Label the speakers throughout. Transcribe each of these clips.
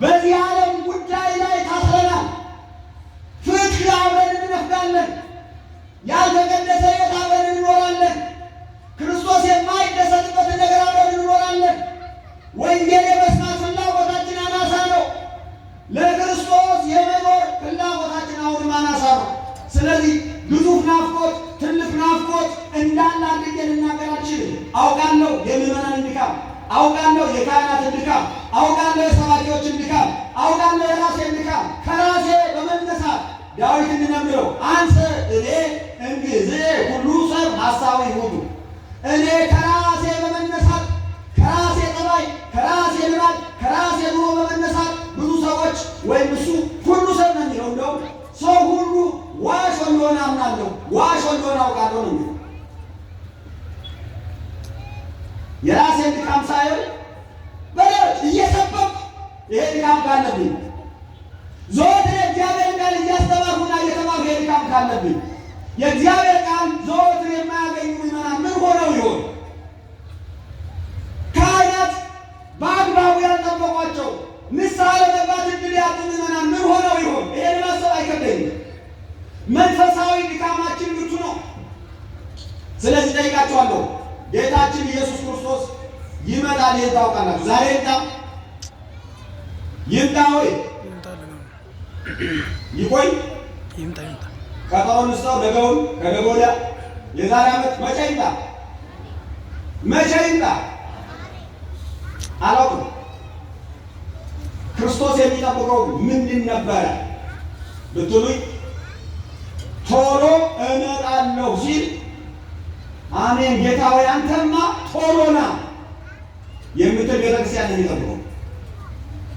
Speaker 1: በዚህ ዓለም ጉዳይ ላይ ታስረናል። ፍትህ አብረን እንነፍጋለን። ያልተቀደሰ ቤት አብረን እንኖራለን። ክርስቶስ የማይደሰትበትን ነገር አብረን እንኖራለን። ወንጌል የመስማት ፍላጎታችን አናሳ ነው። ለክርስቶስ የመኖር ፍላጎታችን አሁንም አናሳ ነው። ስለዚህ ግዙፍ ናፍቆት፣ ትልቅ ናፍቆት እንዳለ አድርገን ልናገራችን አውቃለሁ። የምዕመናን ድካም አውቃለሁ፣ የካህናትን ድካም አውቃለሁ የሰባኪዎችን ድካም፣ አውቃለሁ የራሴን ድካም። ከራሴ በመነሳት ዳዊት እንደሚለው አንሰ እኔ እንግዜ ሁሉ ሰብ ሀሳዊ ሁሉ እኔ ከራሴ በመነሳት ከራሴ ጠባይ፣ ከራሴ ልማድ፣ ከራሴ ኑሮ በመነሳት ብዙ ሰዎች ወይም እሱ ሁሉ ሰብ ነው የሚለው እንደው ሰው ሁሉ ዋሾ እንደሆነ አምናለሁ፣ ዋሾ እንደሆነ አውቃለሁ ነው የሚለው የራሴን ድካም ሳይሆን ይሄ ድካም ካለብኝ ዘወትር የእግዚአብሔር ቃል እያስተማርኩና እየተማርኩ ይሄ ድካም ካለብኝ የእግዚአብሔር ቃል ዘወትር የማያገኙ ምዕመናን ምን ሆነው ይሆን? ካህናት በአግባቡ ያልጠበቋቸው ንስሐ ለመግባት እድል ያጡ ምዕመናን ምን ሆነው ይሆን? ይሄ ለማሰብ አይከብደኝም። መንፈሳዊ ድካማችን ብቱ ነው። ስለዚህ ጠይቃቸዋለሁ። ጌታችን ኢየሱስ ክርስቶስ ይመጣል። ይህን ታውቃላችሁ። ዛሬ ይምጣ ወይ ይቆይ ይምጣ ይምጣ ስጠው። ነገውን ከነገ ወዲያ የዛሬ ዓመት መቼ ይምጣ መቼ ይምጣ አላውቅም። ክርስቶስ የሚጠብቀው ምንድን ነበረ ብትሉኝ ቶሎ እመጣለሁ ሲል አሜን ጌታ ወይ አንተማ ቶሎ ና የምትል ቤተክርስቲያን የሚጠብቀው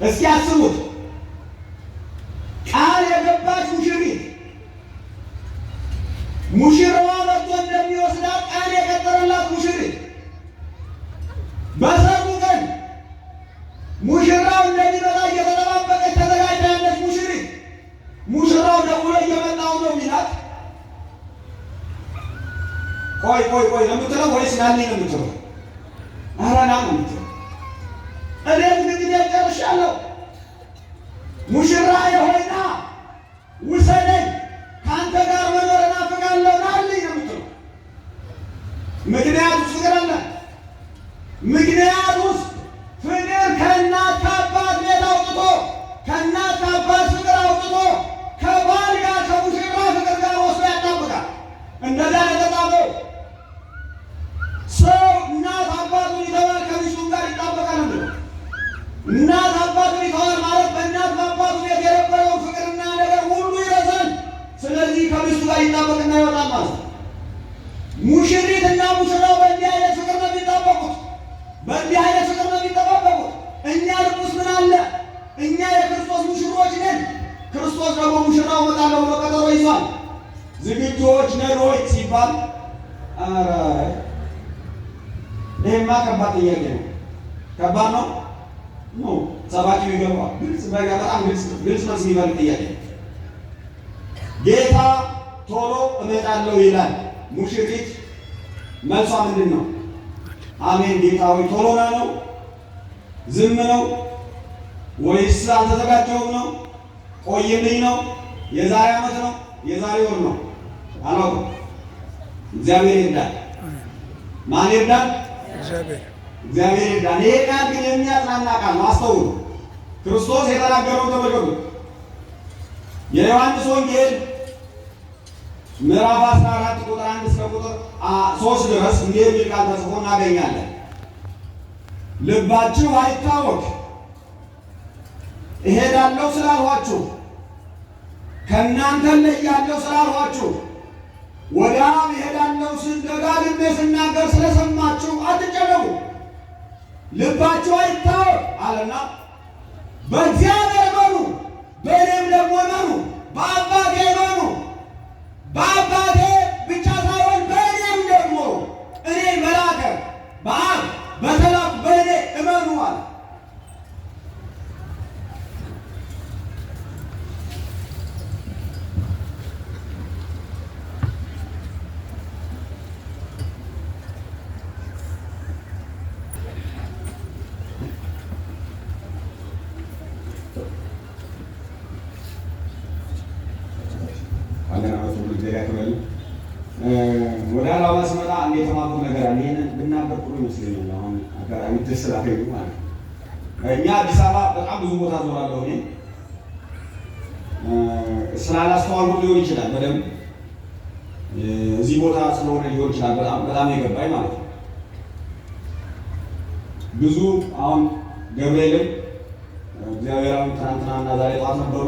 Speaker 1: እስኪ አስቡት። ቃል የገባች ሙሽሪት ሙሽራዋ መጥቶ እንደሚወስዳት ቃል የቀጠረላት ሙሽሪት በሰርጉ ቀን ሙሽራው እንደሚመጣ እየተጠባበቀች ተዘጋጅታ ያለች ሙሽሪት ሙሽራው ደውሎ እየመጣው ነው ሚላት ቆይ ቆይ ቆይ ነው የምትለው ወይስ ያኔ ነው የምትለው? እናት አባት ይተዋል ማለት በእናት በአባቱ ቤት የነበረውን ፍቅርና ነገር ሁሉ ይረሳል። ስለዚህ ከሚስቱ ጋር ይጣበቅና ይወጣል ማለት ነው። ሙሽሪት እና ሙሽራው በእንዲህ አይነት ፍቅር ነው የሚጣበቁት፣ በእንዲህ አይነት ፍቅር ነው የሚጠባበቁት። እኛ ልቁስ ምን አለ? እኛ የክርስቶስ ሙሽሮች ነን። ክርስቶስ ደግሞ ሙሽራው እመጣለሁ ብሎ ቀጠሮ ይዟል። ዝግጁዎች ነሮች ሲባል ኧረ ይሄማ ከባድ ጥያቄ ነው። ከባድ ነው። ነው ሰባኪው ይገባዋል። ግልጽ በቃ በጣም ግልጽ ግልጽ ነው የሚባል ጥያቄ ጌታ ቶሎ እመጣለሁ ይላል። ሙሽሪት መልሷ ምንድን ነው? አሜን ጌታ ሆይ ቶሎ ና ነው? ዝም ነው ወይስ አልተዘጋጀሁም ነው? ቆይልኝ ነው? የዛሬ ዓመት ነው? የዛሬ ወር ነው? አላውቅም። እግዚአብሔር ይርዳል። ማን ይርዳል? እግዚአብሔር እግዚአብሔር ይርዳን። ይሄ ቃል ግን የሚያጽናና ቃል ነው። አስተውሉ። ክርስቶስ የተናገረው ተመልከቱ። የዮሐንስ ወንጌል ምዕራፍ 14 ቁጥር 1 እስከ ቁጥር 3 ድረስ እንዲህ የሚል ቃል ተጽፎ እናገኛለን። ልባችሁ አይታወክ፣ እሄዳለሁ ስላልኋችሁ፣ ከእናንተ እለያለሁ ስላልኋችሁ፣ ወደ አብ እሄዳለሁ ስል ልባቸው አይታወቅ አለና በእግዚአብሔር ወደ አላባ ስመጣ አንድ የተማርኩት ነገር አለ። ይህንን ብናገር ጥሩ ይመስለኛል። አሁን አጋጣሚ ድር ስላገኙ ማለት ነው። እኛ አዲስ አበባ በጣም ብዙ ቦታ ዞራለሁ። እኔ ስላላስተዋልኩ ሊሆን ይችላል በደምብ እዚህ ቦታ ስለሆነ ሊሆን ይችላል በጣም በጣም የገባኝ ማለት ነው። ብዙ አሁን ገብርኤልም እግዚአብሔር አሁን ትናንትናና ዛሬ ጠዋት ነበሩ።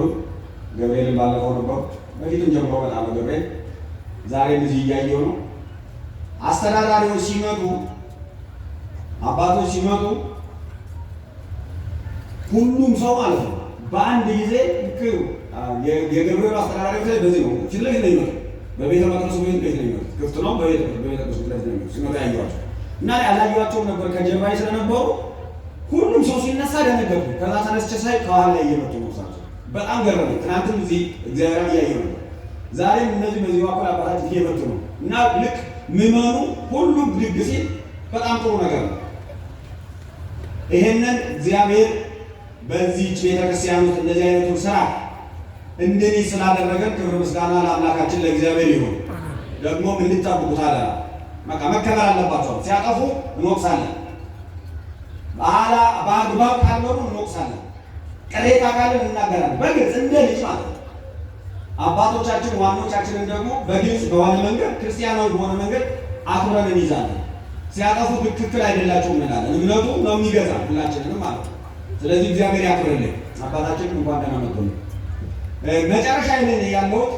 Speaker 1: ገብርኤልም ባለፈው ነበሩ። በፊትም ጀምሮ በጣም ገብርኤል ዛሬም እዚህ እያየው ነው። አስተዳዳሪዎች ሲመጡ፣ አባቶች ሲመጡ ሁሉም ሰው ማለት ነው በአንድ ጊዜ የገብርኤሉ አስተዳዳሪዎች ላይ በዚህ ነው ፊት ለፊት ነው ይመጡ በቤተ መቅደሱ ቤት ቤት ነው ክፍት ነው በቤተ መቅደሱ ቤት ነው ይመጡ ሲመጡ ያየኋቸው እና ያላየኋቸውም ነበር ከጀርባዬ ስለነበሩ ሁሉም ሰው ሲነሳ ደነገጡ። ከዛ ተነስቼ ሳይ ከኋላ ላይ እየመጡ ነው እሳቸው። በጣም ገረመኝ። ትናንትም እዚህ እግዚአብሔር እያየሁ ነው ዛሬም እነዚህ በዚህ በኩል አባላት እየመጡ ነው እና ልክ ምመኑ ሁሉ ብድግ ሲል በጣም ጥሩ ነገር ነው። ይሄንን እግዚአብሔር በዚህች ቤተክርስቲያን ውስጥ እንደዚህ አይነቱ ስራ እንደዚህ ስላደረገን ክብር ምስጋና ለአምላካችን ለእግዚአብሔር ይሁን። ደግሞ እንድጠብቁት አለ በቃ መከበር አለባቸው። ሲያጠፉ እንወቅሳለን፣ በአግባብ ካልሆኑ እንወቅሳለን፣ ቅሬታ ካለን እናገራለን። በግልጽ እንደ ልጅ ማለት አባቶቻችን ዋኖቻችንን ደግሞ በግልጽ በሆነ መንገድ ክርስቲያናዊ በሆነ መንገድ አክብረን እንይዛለን። ሲያጠፉ ትክክል አይደላቸውም እንላለን። እምነቱ ነው የሚገዛ ሁላችንንም ማለት ነው። ስለዚህ እግዚአብሔር ያክብርልን። አባታችን እንኳን ደህና መጡ። መጨረሻ ይንን ያለሁት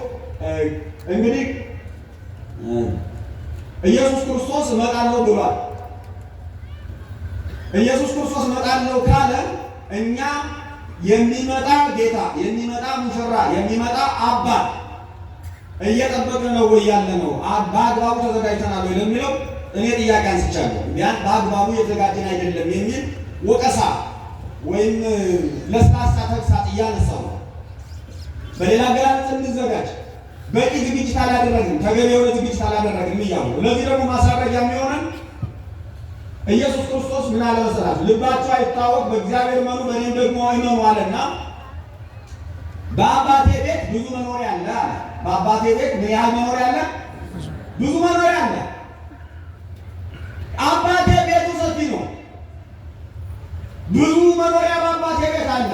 Speaker 1: እንግዲህ ኢየሱስ ክርስቶስ እመጣለሁ ብሏል። ኢየሱስ ክርስቶስ እመጣለሁ ካለ እኛ የሚመጣ ጌታ የሚመጣ ሙሽራ የሚመጣ አባት እየጠበቅን ነው ወይ ያለ ነው። በአግባቡ ተዘጋጅተናል ወይ ለሚለው እኔ ጥያቄ አንስቻለሁ። ያን በአግባቡ የተዘጋጀን አይደለም የሚል ወቀሳ ወይም ለስላሳ ተግሳጽ እያነሳው ነው። በሌላ ገላለጽ እንዘጋጅ፣ በቂ ዝግጅት አላደረግም፣ ተገቢ የሆነ ዝግጅት አላደረግም እያሉ ለዚህ ደግሞ ማሳረጊያ የሚሆነን ኢየሱስ ክርስቶስ ምን አለ መሰላችሁ? ልባችሁ አይታወቅ በእግዚአብሔር መኑ በእኔም ደግሞ አይመኑ አለና በአባቴ ቤት ብዙ መኖሪያ አለ። በአባቴ ቤት ምን ያህል መኖሪያ አለ? ብዙ መኖሪያ አለ። አባቴ ቤቱ ሰፊ ነው። ብዙ መኖሪያ በአባቴ ቤት አለ።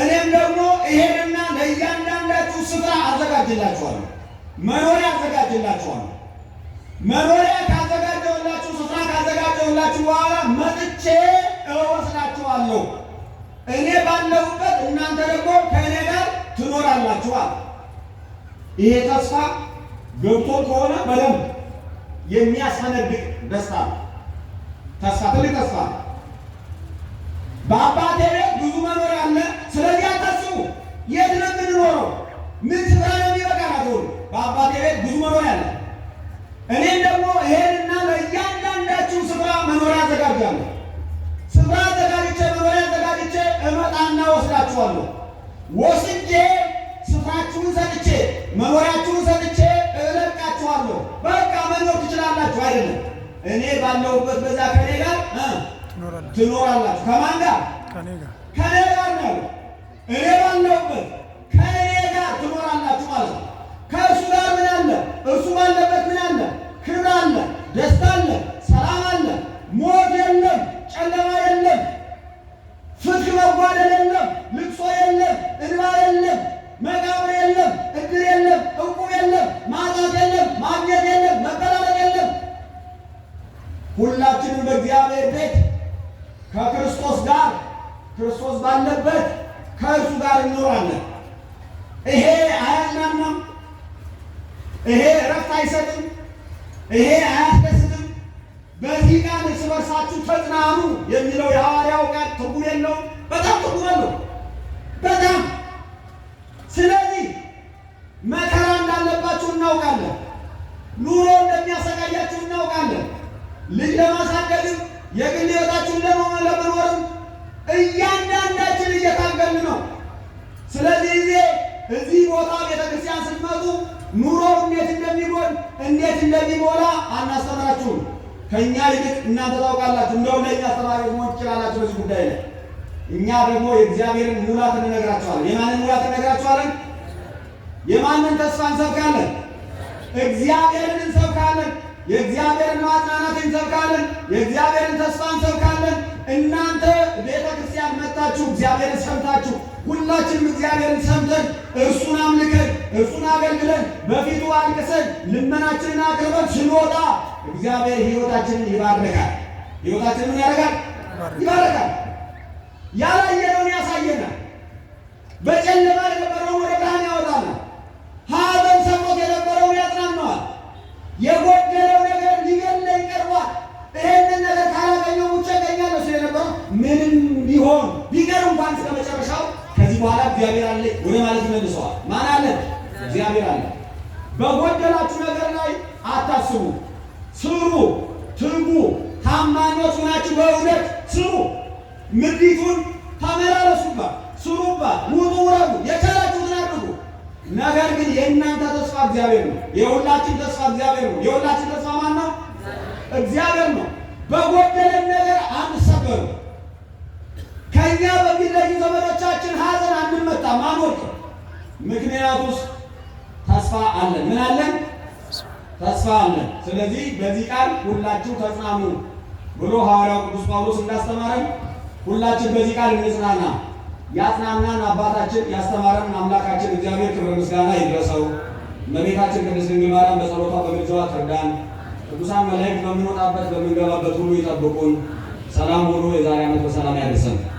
Speaker 1: እኔም ደግሞ ይሄንና ለእያንዳንዳችሁ ስፍራ አዘጋጅላችኋለሁ፣ መኖሪያ አዘጋጅላችኋለሁ። መኖሪያ ካዘጋ ካዘጋጀሁላችሁ ስፍራ ካዘጋጀሁላችሁ በኋላ መጥቼ እወስዳችኋለሁ። እኔ ባለሁበት እናንተ ደግሞ ከእኔ ጋር ትኖራላችኋል። ይሄ ተስፋ ገብቶ ከሆነ በደንብ የሚያስፈነድቅ ደስታ ተስፋ ትልቅ ተስፋ። በአባቴ ቤት ብዙ መኖር አለ። ስለዚህ አታስቡ። የት ነው የምንኖረው? ምን ስፍራ ነው የሚበቃ? በአባቴ ቤት ብዙ መኖር አለ። እኔም ደግሞ ይሄን መኖሪያ አዘጋጃለሁ። ስፍራ አዘጋጅቼ መኖሪያ አዘጋጅቼ እመጣና ወስዳችኋለሁ። ወስጄ ስፍራችሁን ሰጥቼ መኖሪያችሁን ሰጥቼ እለቃችኋለሁ። በቃ መኖር ትችላላችሁ አይደለም። እኔ ባለሁበት በዛ ከኔ ጋር ትኖራላችሁ። ከማን ጋር? ከኔ ጋር ነው። እኔ ባለሁበት ሁላችንም በእግዚአብሔር ቤት ከክርስቶስ ጋር ክርስቶስ ባለበት ከእርሱ ጋር እንኖራለን። ይሄ አያዝናናም። ይሄ እረፍት አይሰጥም። ይሄ አያስደስትም። በዚህ ቃል እርስ በርሳችሁ ተጽናኑ የሚለው የሐዋርያው ቃል ትርጉም የለውም። በጣም ትርጉም አለው። በጣም ልጅ ለማሳደግም የግል ሕይወታችን ለመኖርም እያንዳንዳችን እየታገልን ነው። ስለዚህ ጊዜ እዚህ ቦታ ቤተክርስቲያን ስትመጡ ኑሮ እንዴት እንደሚጎል እንዴት እንደሚሞላ አናስተምራችሁም። ከእኛ ይልቅ እናንተ ታውቃላችሁ። እንደውም ለእኛ አስተማሪ መሆን ትችላላችሁ በዚህ ጉዳይ ላይ። እኛ ደግሞ የእግዚአብሔርን ሙላት እንነግራችኋለን። የማንን ሙላት እንነግራችኋለን? የማንን ተስፋ እንሰብካለን? እግዚአብሔርን እንሰብካለን። የእግዚአብሔርን ማጽናናት እንሰብካለን። የእግዚአብሔርን ተስፋ እንሰብካለን። እናንተ ቤተ ክርስቲያን መጣችሁ እግዚአብሔርን ሰምታችሁ ሁላችንም እግዚአብሔርን ሰምተን እርሱን አምልከን እርሱን አገልግለን በፊቱ አልቅሰን ልመናችንን አቅርበን ስንወጣ እግዚአብሔር ሕይወታችንን ይባርካል። ሕይወታችንን ያደርጋል ይባርካል። ያላየነውን ያሳየናል። በጨለማ የነበረውን ወደ ብርሃን ያወጣናል። ሀዘን ሰሞት የነበረውን የጎ እግዚአብሔር አለ ወደ ማለት ይመልሰዋል። ማን አለ? እግዚአብሔር አለ። በጎደላችሁ ነገር ላይ አታስቡ፣ ስሩ፣ ትጉ፣ ታማኞች ሆናችሁ በእውነት ስሩ። ምድሪቱን ተመላለሱባት፣ ስሩባት፣ ውጡ፣ ውረዱ፣ የቻላችሁትን አድርጉ። ነገር ግን የእናንተ ተስፋ እግዚአብሔር ነው። የሁላችን ተስፋ እግዚአብሔር ነው። የሁላችን ተስፋ ማን ነው? እግዚአብሔር ነው። በጎደለን ነገር አንሰበሩ ከእኛ በፊት ለፊት ዘመዶቻችን ሀዘን አንመታም፣ አንወድቅ። ምክንያቱስ ተስፋ አለን። ምን አለን? ተስፋ አለን። ስለዚህ በዚህ ቃል ሁላችሁ ተጽናኑ ብሎ ሐዋርያው ቅዱስ ጳውሎስ እንዳስተማረን ሁላችን በዚህ ቃል እንጽናና። ያጽናናን አባታችን ያስተማረን አምላካችን እግዚአብሔር ክብር ምስጋና ይድረሰው። እመቤታችን ቅድስት ድንግል ማርያም በጸሎቷ በምልጃዋ ትርዳን። ቅዱሳን መላእክት በምንወጣበት በምንገባበት ሁሉ ይጠብቁን። ሰላም ሁሉ የዛሬ ዓመት በሰላም ያደርሰን።